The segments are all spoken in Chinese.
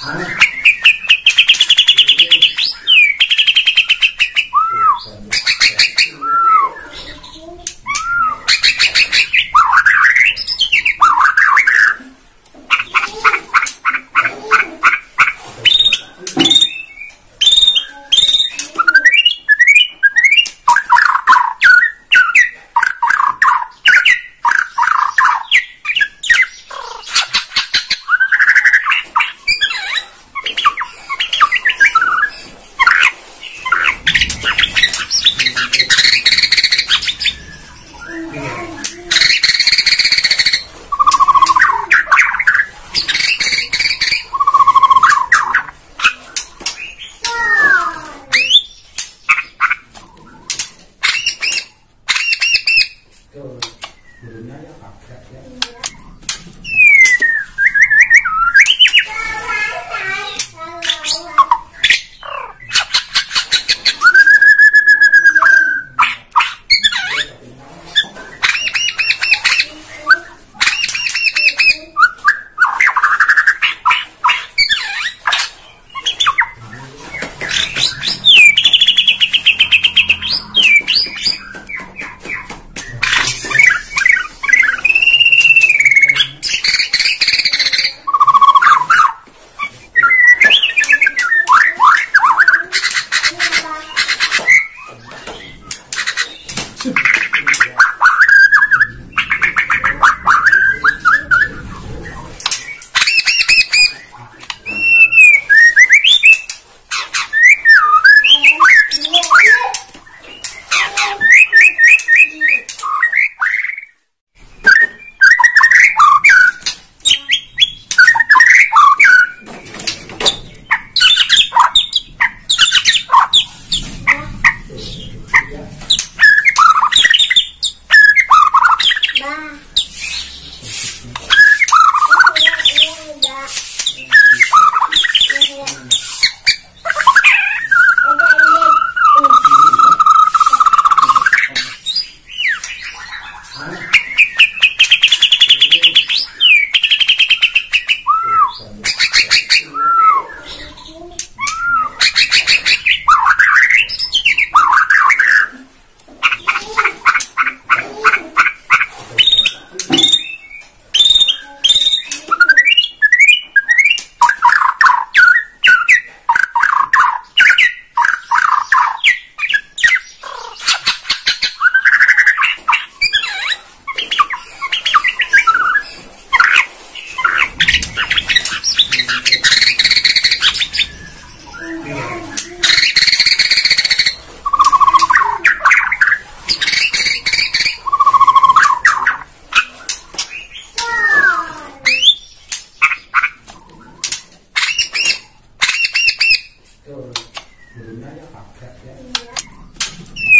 啊。k e t u l Gurunya ya pakai ya. Yeah.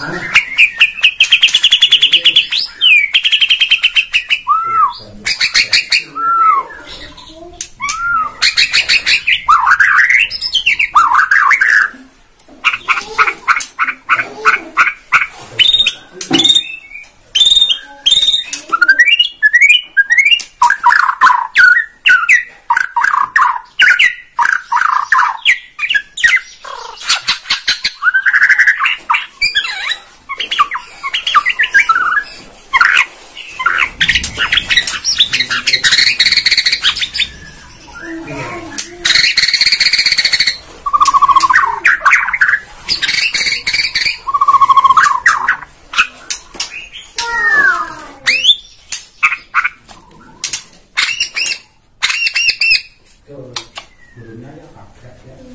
啊。Okay.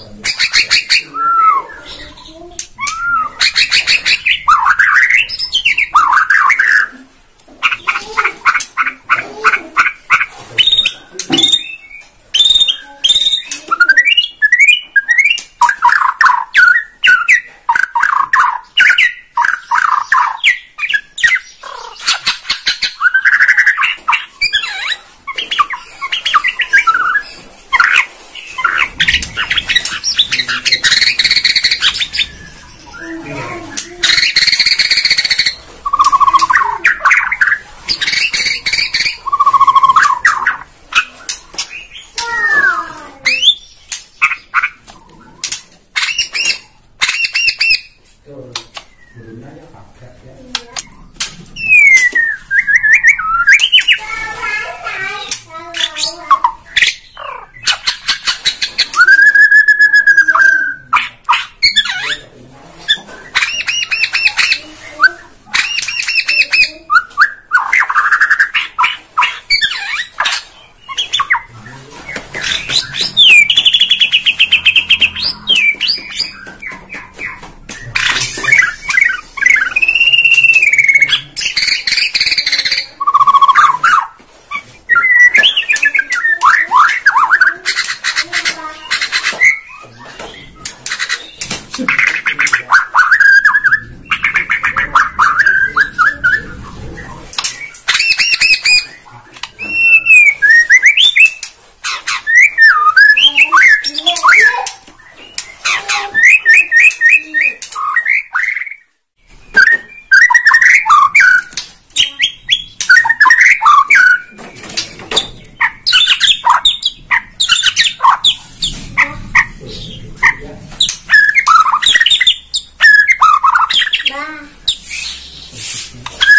Sunday. gurunya ya kakak ya iya. 啊。